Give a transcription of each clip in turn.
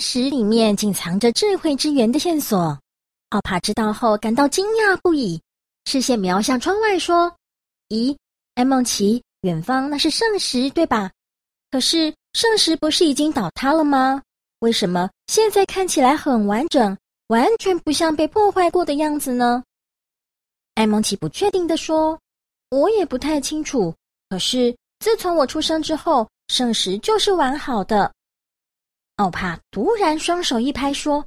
石裡面竟藏着智慧之源的線索。奧帕知道後感到驚訝不已，視線瞄向窗外說：“咦，愛孟奇，遠方那是聖石對吧？可是聖石不是已經倒塌了嗎？為什麼現在看起來很完整，完全不像被破壞過的樣子呢？”愛孟奇不確定地說：“我也不太清楚。可是自從我出生之後，聖石就是完好的。”奧帕突然雙手一拍，說：“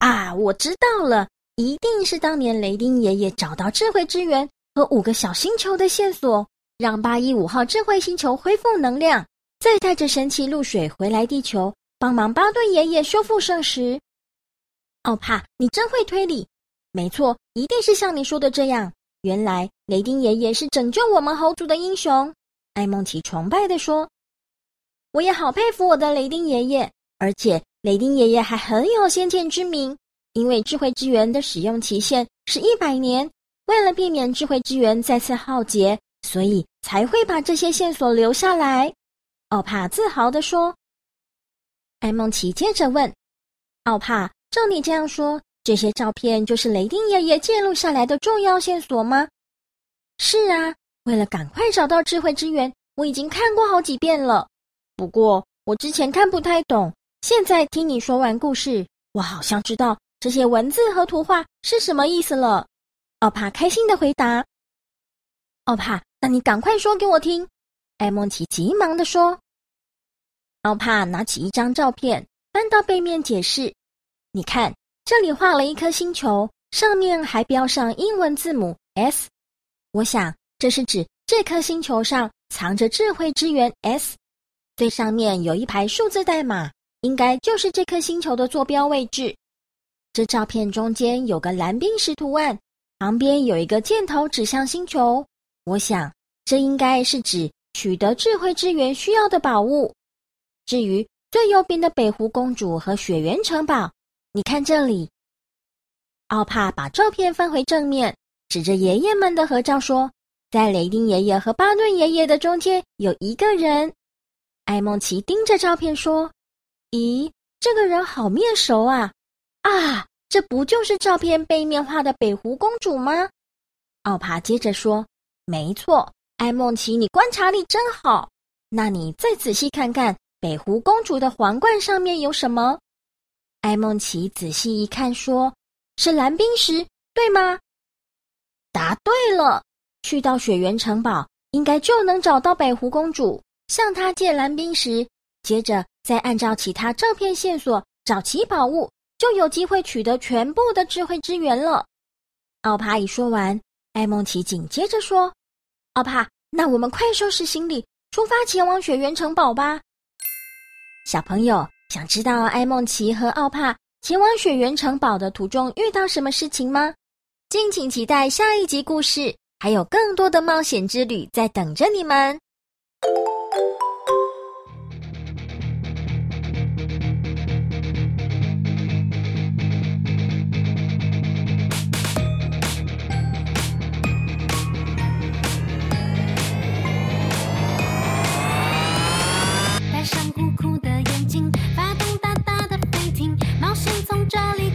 啊，我知道了！一定是當年雷丁爺爺找到智慧之源和五個小星球的線索，讓八一五號智慧星球恢復能量，再帶着神奇露水回來地球，幫忙巴頓爺爺修復聖石。”奧帕，你真會推理！沒錯，一定是像你說的這樣。原來雷丁爺爺是拯救我們猴族的英雄。”愛孟奇崇拜地說：“我也好佩服我的雷丁爺爺。”而且雷丁爺爺還很有先見之明，因為智慧之源的使用期限是一百年，為了避免智慧之源再次耗竭，所以才會把這些線索留下來。奧帕自豪地說。愛孟奇接着問：“奧帕，照你這樣說，這些照片就是雷丁爺爺記錄下來的重要線索嗎？”“是啊，為了趕快找到智慧之源，我已經看過好幾遍了。不過我之前看不太懂。”現在聽你說完故事，我好像知道這些文字和圖畫是什麼意思了。奧帕開心地回答：“奧帕，那你趕快說給我聽。”愛孟奇急忙地說：“奧帕拿起一張照片，翻到背面解釋。你看，這裡畫了一顆星球，上面還標上英文字母 S。我想，這是指這顆星球上藏着智慧之源 S。最上面有一排數字代碼。”應該就是這顆星球的坐標位置。這照片中間有個藍冰石圖案，旁邊有一個箭頭指向星球。我想，這應該是指取得智慧之源需要的寶物。至於最右邊的北湖公主和雪原城堡，你看這裡。奧帕把照片翻回正面，指着爺爺們的合照說：“在雷丁爺爺和巴頓爺爺的中間有一個人。”愛孟奇盯着照片說。咦，這個人好面熟啊！啊，這不就是照片背面畫的北湖公主嗎？奧帕接着說：“沒錯，愛孟奇你觀察力真好。那你再仔細看看北湖公主的皇冠上面有什麼？”愛孟奇仔細一看，說：“是藍冰石，對嗎？”答對了。去到雪原城堡，應該就能找到北湖公主，向她借藍冰石。接着。再按照其他照片線索找齊寶物，就有機會取得全部的智慧之源了。奧帕一說完，艾夢琪緊接着說：“奧帕，那我們快收拾行李，出發前往雪原城堡吧。”小朋友，想知道艾夢琪和奧帕前往雪原城堡的途中遇到什麼事情嗎？敬請期待下一集故事，還有更多的冒險之旅在等着你們。先從這裡。